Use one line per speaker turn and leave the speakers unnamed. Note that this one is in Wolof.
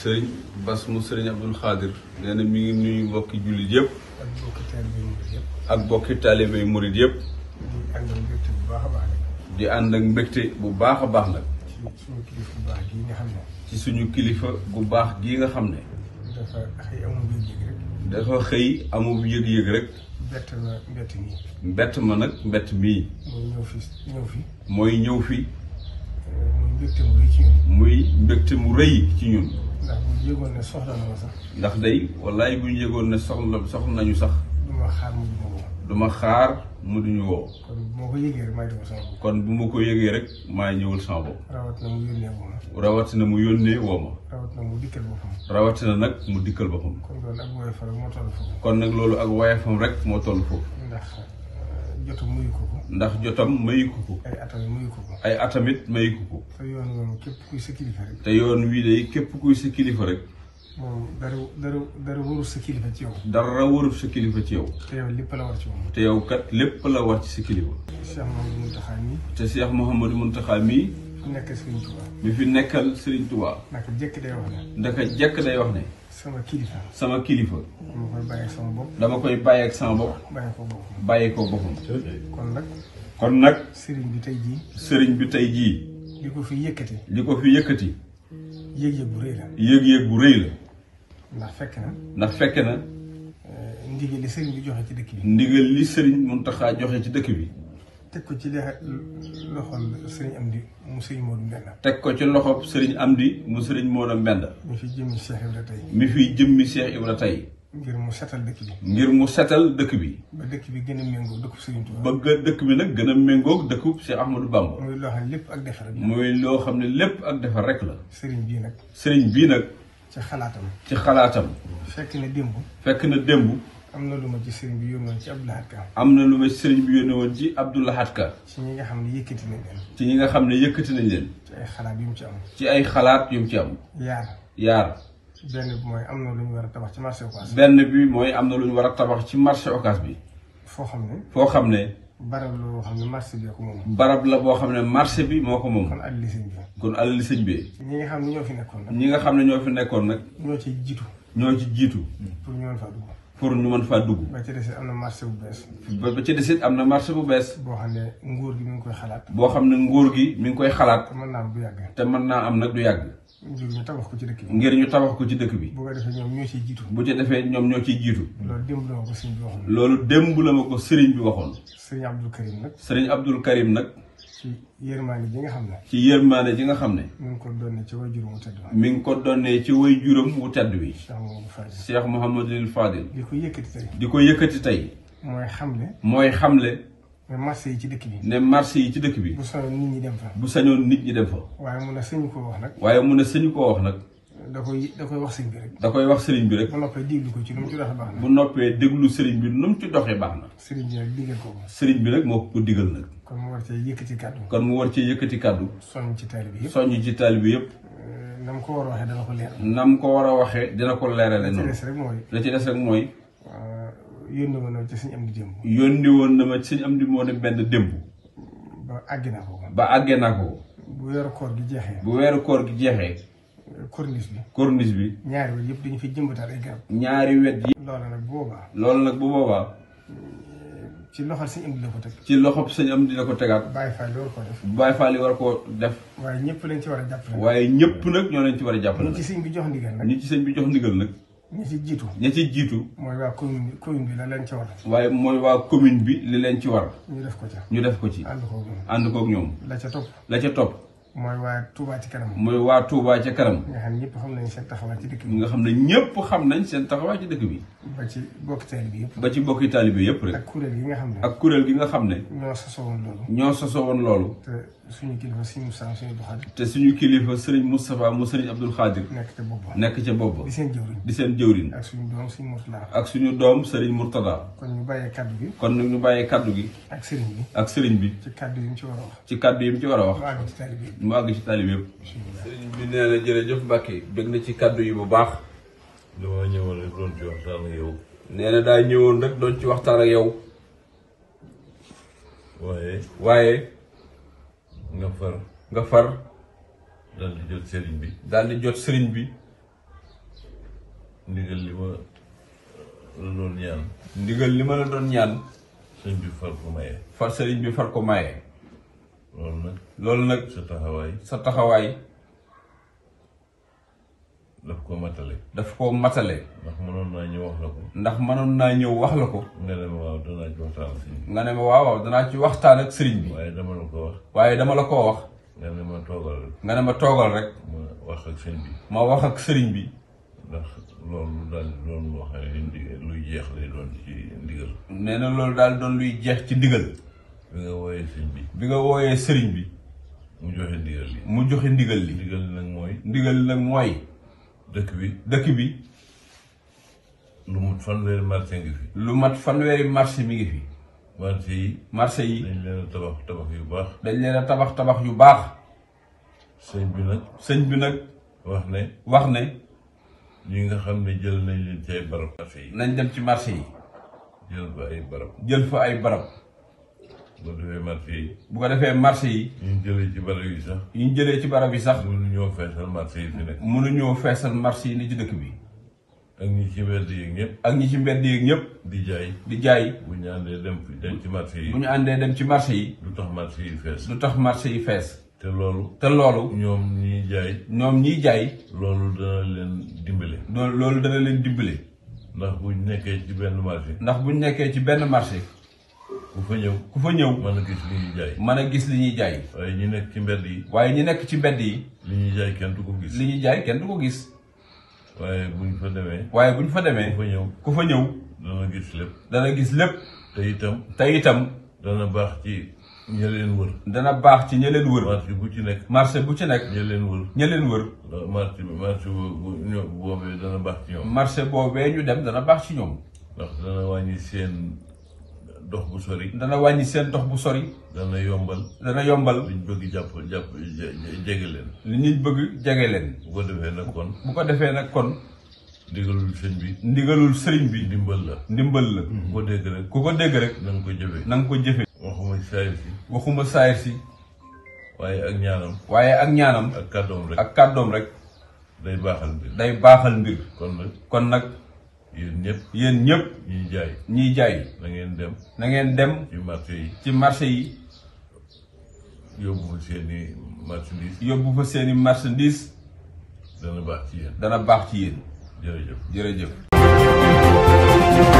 sëriñ Bass mu sëriñ Abdul Xaadir nee na mi ngi nuyu mbokki jullit yëpp. ak mbokki taalibe murit yëpp. di ànd ak mbégte bu baax a baax nag. ci suñu kilifa bu baax gii nga xam ne.
ci suñu kilifa
dafa xëy amul yëg-yëg rek. mbett ma mbett mii. mbett nag mbett mii. mooy ñëw fi ñëw mooy ñëw fi. Eh, muy mbégte mu rëy ci ñun. mu rëy ci ñun. ndax
bu ñu yëgoon ne soxla na ma sax. ndax
day wallaay bu ñu yëgoon ne soxla soxla nañu sax.
du ma xaar mu duñu woo.
du ma xaar mu duñu woo.
kon bu ma ko yëgee rek
maay ñëwul sama rawat na bu ma ko yëgee rek mu yónnee woo ma.
rawatina mu yónnee woo ma. rawatina mu
dikkal boppam. nag mu dikkal boppam.
kon loolu
kon nag loolu ak woyafam rek moo toll foofu.
ndax jotu
ndax jotam mayu ko ay atamit mayu ko te yoon wii képp day képp kuy sa kilifa rek.
moom dara warul sa kilifa
ci yow. dara warul sa kilifa ci yow. te yow lépp la war ci moom. kat lépp la war ci sa kilifa. te Cheikh Mouhamadou Mountakha fi nekkal Serigne fi nekkal Serigne Touba. ndaka jekk day wax ne. ndaka jekk day wax ne. sama kilifa. sama kilifa. dama koy bàyyi ak sama bopp. dama koy bàyyi ak sama bopp. bàyyi ko boppam bàyyi ko boppam. kon nag. kon nag. Serigne bi tey jii. Serigne bi tey jii. li ko fi yëkkati. li ko fi
yëg-yëg bu rëy la. ndax fekk na.
ndax fekk na. Eh,
ndigal li Serigne bi joxe ci dëkk
bi. ndigal li Serigne Mountakha joxe ci dëkk bi.
teg ko ci loxol Serigne Amdi mu Serigne Modou Mbenda.
teg ko ci loxo Serigne Amdi mu Serigne Modou Mbenda. mi fi jëmmi Cheikh Ibra tey. mi fi jëmmi Cheikh Ibra tey. ngir mu setal dëkk bi. ngir mu setal dëkk bi.
ba dëkk bi gën a méngoo dëkku Serigne Touba.
ba dëkk bi nag gën a méngoo dëkku Cheikh Ahmadou Bamba.
muy loo
xam ne lépp ak defar rek la. muy loo xam ne lépp ak defar rek la.
sëriñ bii nag.
Serigne bii nag. ci xalaatam. ci xalaatam.
fekk na démb.
fekk na démb.
am na lu ma ci sëriñ bi yónnee woon ci Abdou Lahad
am na lu ma ci sëriñ bi yónnee woon ci ñi
nga xam ne yëkkati nañ leen.
ci ñi nga xam ne yëkkati nañ leen. ci xalaat yu mu ci am. ci ay xalaat yu ci am. yaar yaar.
benn bi mooy am na lu ñu war ci marché Ocass. benn
bi am na lu ñu war a tabax ci marché Ocass bi. foo xam ne. foo xam ne.
barab la boo xam ne marché
bi ko moom. barab la boo xam ne marché bi moo ko moom. kon alali sëñ bi. kon alali sëñ bi.
ñi nga xam ne ñoo fi nekkoon
nag. ñi nga xam ne ñoo fi nekkoon nag.
ñoo ci jiitu.
ñoo ci jiitu. pour ñu mën faa dugg. pour ñu mën faa dugg. ba ca desit am na marché bu bees. am na marché bu bees. boo
xam ne nguur gi mu ngi koy xalaat.
boo xam ne nguur gi mi ngi koy xalaat. te mën naa am yàgg. te mën naa am nag du yàgg.
ngir ñu tabax ko ci dëkk bi.
ngir ñu tabax ko ci dëkk bi. bu
ko defee ñoom ñoo ciy jiitu.
bu ca defee ñoom ñoo ciy jiitu. loolu démb la ma ko sëriñ bi waxoon. loolu
démb la ma ko sëriñ bi waxoon. sëriñ Abdul Karim nag.
sëriñ Abdul Karim nag. ci
yërmaane ji nga xam ne.
ci yërmaane ji nga xam ne.
mi ngi ko donnee ci
way juróom wu tedd wi. mi ngi ko donnee ci way juróom wu tedd wi. Cheikh Mouhamadul Fadil. di ko yëkkati tey. di ko yëkkati tey. mooy xamle. mooy xamle. ne marché yi ci dëkk bi. ne marché yi ci dëkk bi. bu sañoon nit ñi dem fa. bu sañoon nit ñi dem waaye
mu a sëñ koo wax nag. waaye
mun a sëñ koo wax nag. da koy da koy wax sëriñ bi rek. da koy wax sëriñ bi rek. bu noppee déglu ko ci nu bu noppee déglu sëriñ bi nu mu ci doxee baax na. sëriñ bi rek ko. sëriñ bi rek moo ko digal nag.
war cee kon
mu war cee yëkkati kàddu. soññ ci taalibe yëpp soññ ci taalibe yëpp.
Eh, na mu ko war a waxee dana ko leeral.
na mu ko war a waxee dina ko leerale noonu. la ci des rek mooy.
mooy. yónni na ma ci suñu am di démb.
yónni woon na ma ci suñu am di moo ne benn démb.
ba àgg naa ko.
ba àgg naa ko.
bu weeru koor gi jeexee. bu
weeru koor gi jeexee. Eh, corniche bi. corniche bi.
ñaari wet yëpp dañu fi jëmbataal ay garab.
ñaari wet yi.
loolu nag bu boobaa.
loolu nag bu boobaa.
ci loxo si am di la ko teg.
ci loxo sëñ am di la ko tegaat.
Baye Fall war koo def.
Baye Fall war koo def.
waaye ñëpp lañ ci war a jàppale. waaye
ñëpp nag ñoo leen ci war a jàppale. ñi ci sëñ bi jox ndigal nag ñi ci seen bi jox ndigal nag. ñi ci jiitu ñi ci jiitu.
mooy waa commune bi commune bi la leen ci
waaye mooy waa commune bi li leen ci war. ñu def ko ci ñu def ko ci. ànd koog ñoom ànd ñoom. la ca topp la ca topp.
mooy waa Touba ci kanam.
mooy waa Touba ci kanam.
nga xam ne ñëpp xam nañ seen taxawaay ci dëkk bi. nga xam ne
ñëpp xam nañ seen taxawaay ci dëkk bi.
ba ci bokki taalibe bi yëpp. ba ci bokki taalibe bi yëpp rek. ak kuréel gi nga xam ne.
ak kuréel gi nga xam ne. ñoo sosoo woon loolu. ñoo sosoo woon loolu. te suñu kilifa sëriñ Moustapha suñu Abdul Xaadir. te suñu kilifa sëriñ Moustapha mu sëriñ Abdul Xaadir. nekk ca bopp nekk ca bopp. di seen jëwriñ di seen jëwriñ. ak suñu doom sëriñ Murtada. ak suñu doom sëriñ Murtada.
kon ñu bàyyee kaddu gi. kon
ñu bàyyee kaddu gi. ak sëriñ bi. ak sëriñ bi. ci kaddu yi mu ci war a wax. ci kaddu yi mu ci war a wax. mu àgg ci taalib yëpp. sëriñ bi nee na jërëjëf Mbacke bëgg na ci kàddu yi bu baax. dama ñëwoon rek doon ci waxtaan ak yow. nee daa ñëwoon rek doon ci waxtaan ak yow. waaye. waaye. nga far. nga far. daal di jot sëriñ bi. daal di jot sëriñ bi. ndigal li ma la doon ñaan. ndigal li ma la doon ñaan. sëriñ bi far ko maye. far sëriñ bi far ko maye. loolu nag loolu nag sa taxawaay sa taxawaay daf ko matale daf koo matale ndax mënoon naa ñëw wax la ko ndax mënoon naa ñëw wax la ko nga ne ma waaw danaa ci waxtaan ak sëriñ waaw danaa ci waxtaan ak sëriñ bi waaye dama la ko wax waaye dama la ko wax nga ne ma toogal rek nga ne ma wax ak sëriñ bi ma wax ak sëriñ loolu daal doon loo xam jeex lay doon ci ndigal nee na loolu daal doon luy jeex ci ndigal bi nga wooyee sëriñ bi. bi nga wooyee sëriñ bi. mu joxe ndigal li mu joxe ndigal li. ndigal nag mooy. ndigal nag mooy. dëkk bi dëkk bi. lu mat fanweeri marché ngi fi. lu mat fanweeri marché mi ngi fi. marché yi. marché yi dañ leen tabax tabax yu baax. dañ leen tabax tabax yu baax. sëñ bi nag. sëñ bi nag. wax ne. wax ne. ñi nga xam ne jël nañ leen ci ay barab. marché yi nañ dem ci marché yi. jël fa ay barab. jël fa ay barab. bu ko defee ko defee marché yi. yu ci barab yi sax. yu jëlee ci barab yi sax. mënuñoo feesal marché yi fi nekk. mënuñoo feesal marché yi ne bi. ak ñi ci mbedd ñëpp. ak ñi ci mbedd ñëpp. di jaay di jaay. bu ñu àndee dem dem ci yi. bu ñu àndee dem ci marché yi. du tax yi fees. du tax marché yi fees. te loolu. te loolu. ñoom jaay. ñoom ñiy jaay. loolu dana leen dimbale. loolu dana leen dimbale. ndax bu ñu nekkee ci benn marché. ndax bu ñu nekkee ci benn marché. ku fa ñëw ku fa ñëw. mën a gis li ñuy jaay. mën a gis li ñuy jaay. waaye ñi nekk ci mbedd yi. waaye ñi nekk ci mbedd yi. li ñuy jaay kenn du ko gis. li ñuy jaay kenn du ko gis. waaye bu ñu fa demee. waaye bu ñu fa demee. ku fa ñëw ku fa ñëw. dana gis lépp. dana gis lépp. te itam. te itam. dana baax ci ña leen wër. dana baax ci ña leen wër. marché bu ci nekk. marché bu ci nekk. ña leen wër. ña leen wër. marché marché boobee dana baax ci ñoom. marché boobee ñu dem dana baax ci ñoom. ndax dana wàññi seen. dox bu sori. dana wàññi seen dox bu sori. dana yombal. dana yombal. li ñu bëgg jàpp jàpp jege leen. li ñu bëgg jege leen. bu ko defee nag kon. bu ko defee nag kon. ndigalul sëñ bi. ndigalul sëriñ bi. ndimbal la. ndimbal la. ku ko dégg rek. ku ko dégg rek. nga ko jëfee. na nga ko jëfee. waxuma saayir si. waxuma saayir si. waaye ak ñaanam. waaye ak ñaanam. ak kàddoom rek. ak kàddoom rek. day baaxal mbir. day baaxal mbir. kon nag. yéen ñëpp yéen ñëpp. ñiy jaay ñiy jaay. na dem. nangeen dem. ci marché yi ci marché yi. yóbbu fa seen i marchandise. yóbbu fa seen i marchandise. dana baax ci yéen. dana baax ci yéen. jërëjëf jërëjëf.